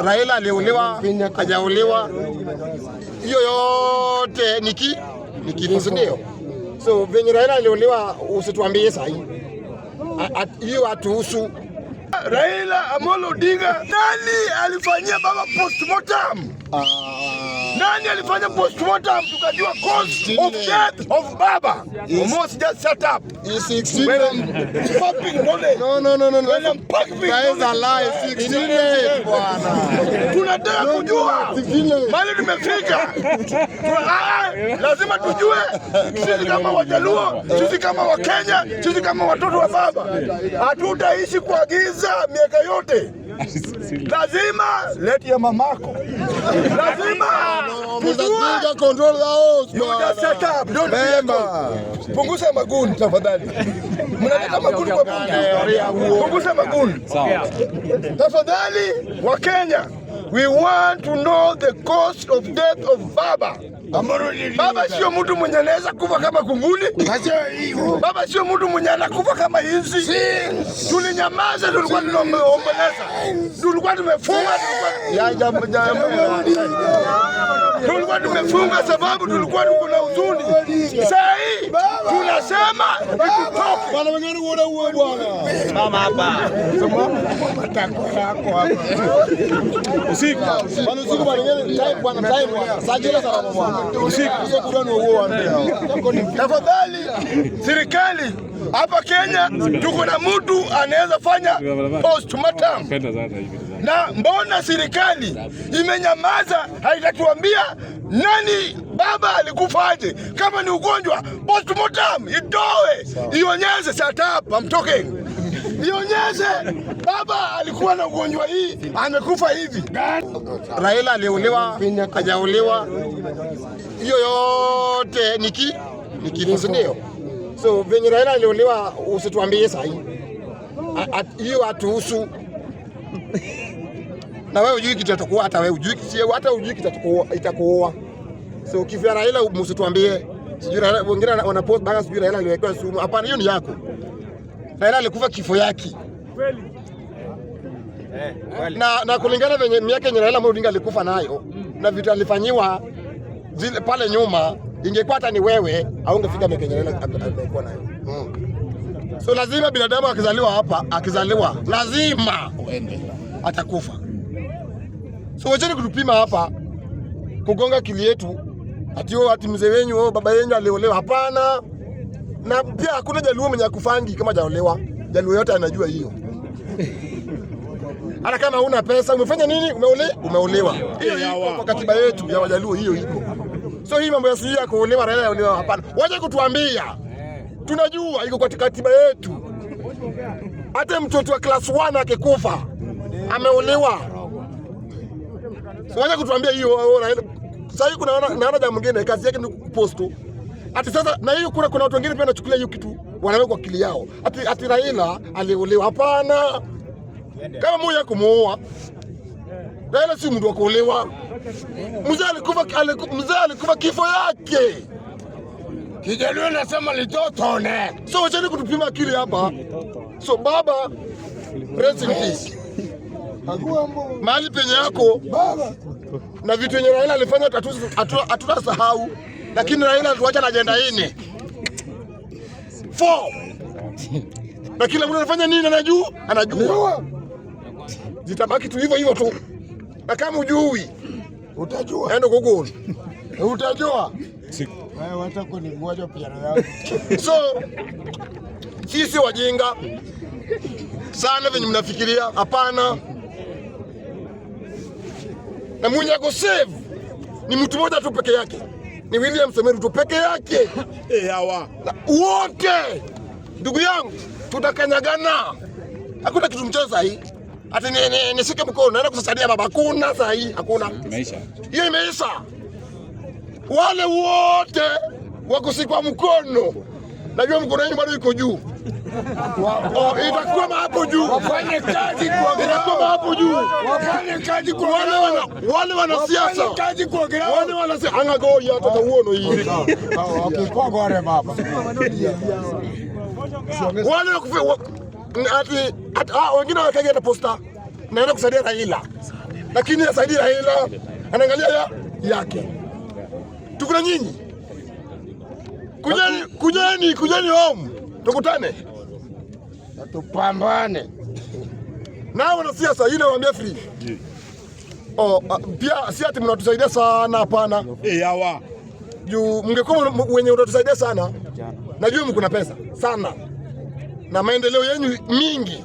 Raila aliuliwa, hajauliwa, hiyo yote niki nikifusi So venye Raila aliuliwa, usituambie sahi hiyo hatuhusu. Raila Amolo Odinga nani alifanyia baba postmortem? Ah. Nani alifanya postmortem tukajua cause of death of baba? Almost just shut up. It's 16 when I'm popping knowledge. No, no, no, no, no. When I'm popping That Guys a lie. 16 days bwana. Tunataka kujua. Mali nimefika. Ah, ah, lazima tujue sisi kama Wajaluo, sisi kama wa Kenya, sisi kama watoto wa baba. Hatutaishi kwa giza miaka yote. Lazima leti ya mamako. Lazima Punguza maguni tafadhali. Mnaleta maguni kwa bunge. Punguza maguni. Tafadhali wa Kenya. We want to know the cause of death of Baba. Baba sio mtu mwenye anaweza kufa kama kunguni. Baba sio mtu mwenye anakufa kama hizi. Tulinyamaza, tulikuwa tunaomboleza, tulikuwa tumefunga, tulikuwa tulikuwa tumefunga sababu tulikuwa tuko na huzuni. Sasa hii tunasema ikutoke. Wana wengine uone uwe bwana. Mama hapa. yako hapa. Usiku. usiku bwana bwana. Sajira bwana. Usiku Tafadhali serikali hapa Kenya tuko na mtu anaweza fanya postmortem na mbona serikali imenyamaza, haitatuambia nani baba alikufaje? Kama ni ugonjwa postmortem itoe, ionyeze Shut up, I'm talking. baba alikuwa na ugonjwa hii, amekufa hivi. Raila aliuliwa, hajauliwa, hiyo yote niki nikifusi ndio. So venye Raila aliuliwa, usituambie sahii hiyo hatuhusu na wewe hujui kitatokuwa, hata wewe ujui hujui hata hujui kitatokuwa itakuoa. So kifia Raila msituambie sijui Raila, wengine wana post baga sijui Raila aliwekewa sumu. Hapana, hiyo ni yako. Raila alikufa kifo yake kweli, eh, na na kulingana venye miaka yenye Raila Odinga alikufa nayo na vitu alifanyiwa zile pale nyuma, ingekuwa hata ni wewe au ungefika miaka yenye Raila alikuwa nayo mm. So lazima binadamu akizaliwa hapa, akizaliwa lazima atakufa. So wacheni kutupima hapa kugonga akili yetu, ati wao ati mzee wenyu wao oh, baba yenyu aliolewa. Hapana, na pia hakuna Jaluo mwenye akufangi kama jaolewa. Jaluo yote anajua hiyo. Hata kama una pesa umefanya nini, umeole, umeolewa. Hiyo iko kwa katiba yetu ya Wajaluo, hiyo iko. So hii mambo ya sijui ya kuolewa Raila olewa, hapana. Waje kutuambia, tunajua iko kwa katiba yetu. Hata mtoto wa class 1 akikufa ameolewa Siwaje kutuambia hiyo unaenda. Sasa hiyo kuna naona jambo lingine kazi yake ni kupost Ati sasa na hiyo kuna kuna watu wengine pia wanachukulia hiyo kitu wanaweka kwa akili yao. Ati ati Raila aliolewa hapana. Kama mmoja kumuoa. Raila si mtu wa kuolewa. Mzee alikufa mzee alikufa kifo yake. Kijaliwe nasema litotone. So wacheni kutupima akili hapa. So baba, rest in peace mahali penye yako na vitu yenye Raila alifanya hatutasahau, lakini Raila tuacha na ajenda ine four na kila mtu anafanya nini, anajua anajua, zitabaki tu hivyo hivyo tu, na kama ujui utajua, enda Google utajua. So sisi wajinga sana venye mnafikiria, hapana na mwenye save ni mtu mmoja tu peke yake, ni William Samoei Ruto peke yake. E, hawa wote ndugu yangu, tutakanyagana, hakuna kitu mchezo sahi. Ati nishike mkono naenda kusaidia baba, hakuna sahi, hakuna. Hiyo imeisha. Wale wote wakusikwa mkono, najua mkono wenyu bado iko juu itakwama hapo juu, wafanye kazi, itakwama hapo juu, wafanye kazi kwa wale wale wanasiasa, kazi kwa wale wanasiasa, angagoya hata uono hii kwa gore baba wale ati ah, wengine wakaja hata posta naenda kusaidia Raila, lakini asaidia Raila, anaangalia yake. Tukuna nyinyi, kujeni kujeni kujeni home, tukutane na tupambane na wanasiasa. wa mefri yeah. oh, ah, pia si ati mnatusaidia sana hapana. Hey, eh, hawa juu mngekuwa wenye utatusaidia sana, najua mko na pesa sana na maendeleo yenu mingi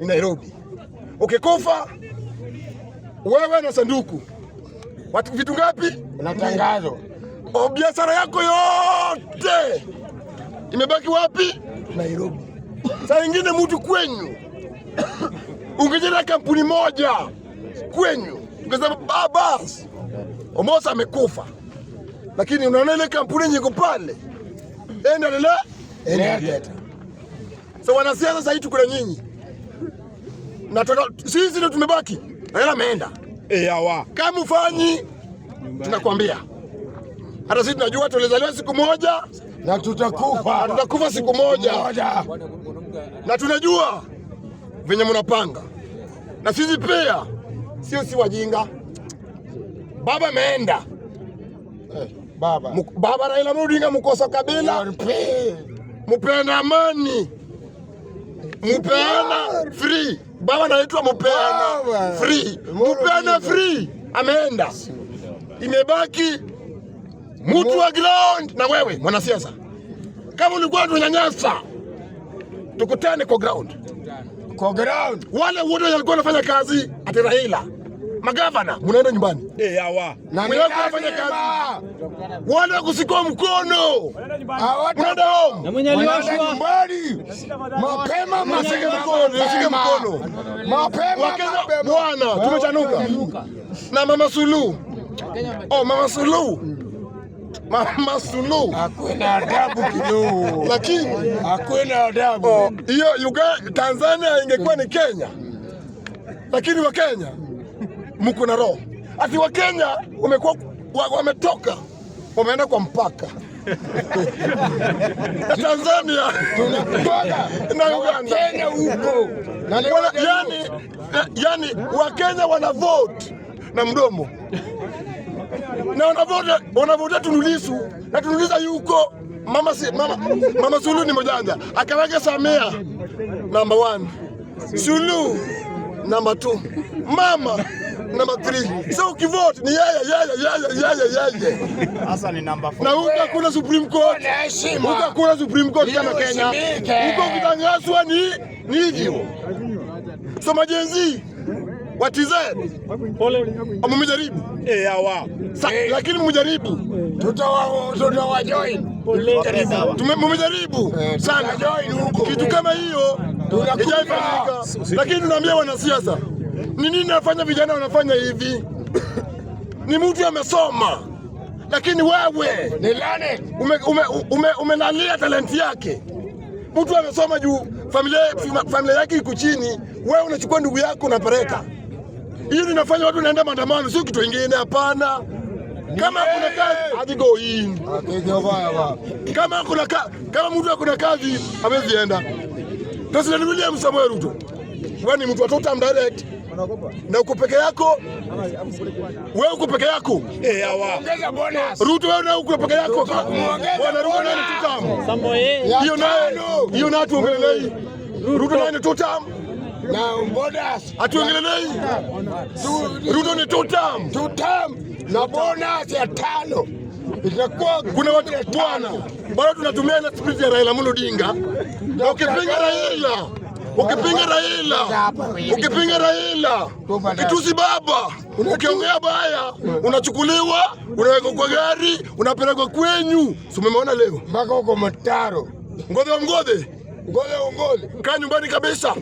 ni Nairobi. ukikufa okay, wewe na sanduku watu vitu ngapi na tangazo, oh, biashara yako yote imebaki wapi? Nairobi. Saa ingine mtu kwenyu ungejenga kampuni moja kwenyu, ukasema baba Omosa amekufa, lakini unaona ile kampuni nyiko pale enda lele enda so, wanasiasa sasa hivi tuko nyinyi na sisi ndio tumebaki. Raila ameenda eyawa, eh, kama ufanyi tunakwambia, hata sisi tunajua tulizaliwa siku moja na tutakufa, tutakufa siku moja na tunajua venye mnapanga, na sisi pia sio si wajinga. Baba ameenda hey, eh, baba. Baba Raila Odinga mkosa kabila, mupenda amani, mupeana free. Baba naitwa mupeana free, mupeana free, ameenda. Imebaki mtu wa ground na wewe mwanasiasa, kama ulikuwa tunyanyasa tukutane kwa ground, kwa ground. Wale wote walikuwa wanafanya kazi ati Raila magavana mnaenda nyumbani eh, fanya kazi, wale wakusikua mkono munaenda nyumbani mapema, msike mkono bwana. Tumechanuka na mama Suluhu, oh mama Suluhu Mama Sulu hakuna adabu kidogo, lakini hakuna adabu oh, hiyo. Uganda, Tanzania ingekuwa ni Kenya, lakini wa kenya mko na roho ati Kenya wamekuwa wametoka wameenda kwa mpaka Tanzania na Uganda Kenya huko, yani eh, Wakenya wana vote na mdomo na wanavota Tundu Lissu na Tundu Lissu yuko mama, si, mama, mama Suluhu ni mjanja akaweke Samia namba 1 Suluhu namba 2 mama namba 3 so ukivote ni yeye yeye yeye yeye yeye. Sasa ni namba 4 na huko kuna Supreme Court, huko kuna Supreme Court kama Kenya, huko kitangazwa ni ni hivyo. So majenzi watize mumejaribu eh, eh. lakini mumejaribu, Mumejaribu eh, sana kitu kama hiyo ijaifanyika, lakini tunaambia wanasiasa ni nini nafanya, vijana wanafanya hivi. Ni mtu amesoma lakini wewe umenalia ume, ume, ume talenti yake. Mtu amesoma juu familia, familia yake iko chini, wewe unachukua ndugu yako unapeleka hii linafanya watu naenda maandamano, sio kitu kingine, hapana. Kama kuna kazi hadi go in. Kama kuna kazi, kama mtu akuna kazi hawezi enda. President William Samoei Ruto. Wewe ni mtu atoka direct. Na uko peke yako? Wewe uko peke yako? Eh, hawa. Ruto wewe na uko peke yako. Bwana Ruto nani tutamu? Samoei. Eh. Hiyo nayo, hiyo na tuongelee. Ruto nani tutamu? hatuongelelei. Ruto ni two term, na bonus ya tano itakuwa kuna watu bwana, bado tunatumia ile spirit ya Raila Amolo Odinga. Ukipinga Raila, ukipinga Raila, ukipinga Raila, kitusi baba, ukiongea baya unachukuliwa, unawekwa kwa gari, unapelekwa kwenyu. Si umeona leo mpaka uko mataro ngove wa mgove Ngole ngole. Kaa nyumbani kabisa.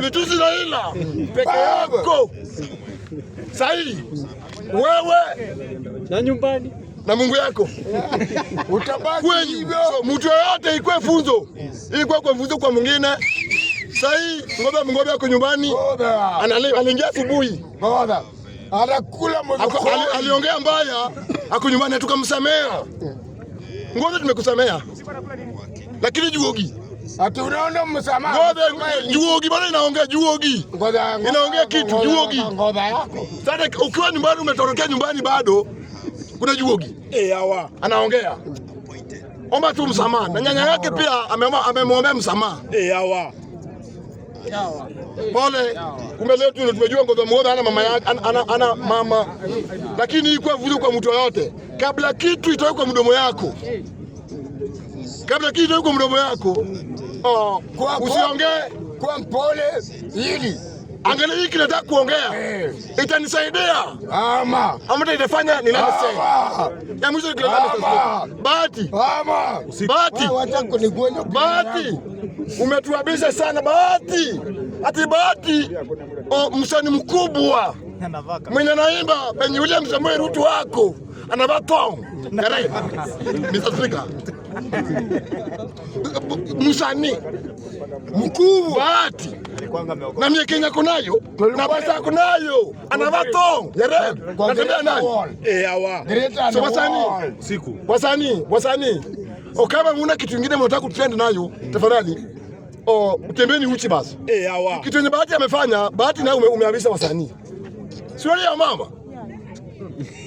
vituzi na peke yako. sahii Wewe na nyumbani na Mungu yako utabaki hivyo. Mtu yoyote ikwe funzo, ikwe kwa funzo kwa mwingine. sahii ngoba ngoba yako nyumbani aliingia asubuhi aliongea mbaya, ako nyumbani, tukamsamea tumekusamea lakini juogi Ati unaona msamaha. Ngoja juogi bado inaongea juogi. Ngoja inaongea kitu juogi. yapi? Sasa ukiwa nyumbani umetorokea nyumbani bado kuna juogi. Eh, hawa. Anaongea. Omba tu msamaha. Na nyanya yake pia amemwombea msamaha. Eh, hawa. Pole. Kumbe leo tumejua ngoza muoga ana mama yake ana, ana mama. Lakini ilikuwa vizuri kwa mtu yote. Kabla kitu itoke kwa mdomo yako kata kichwa huko mdomo yako oh. Usiongee kwa mpole hili Angalia hiki kinataka kuongea. Hey. Eh. Itanisaidia. Ama. Ama itafanya ninachosema. Ya mwisho kile kama bati Ama. bati kunigonya bati Umetuabisha sana bati Ati Bahati. Oh, msani mkubwa mwenye naimba penye William Samuel Ruto wako anavaa tong karai Mr. Speaker msanii mkuu bahati na mie Kenya kunayo na basa kunayo anavaa tong yare natembea nayo eh, so wasanii siku wasanii wasanii okama muna kitu ingine mnataka kutrend nayo tafadhali utembeni uchi basi eh kitu yenye bahati amefanya bahati nayo umeamisha wasanii Siwalia mama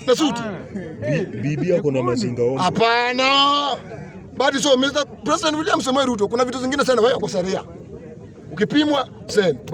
na suti bibi yako na mazinga wao. Hapana. Bado so Mr. President William Samoei Ruto kuna vitu zingine sana wewe kwa saria. Ukipimwa sen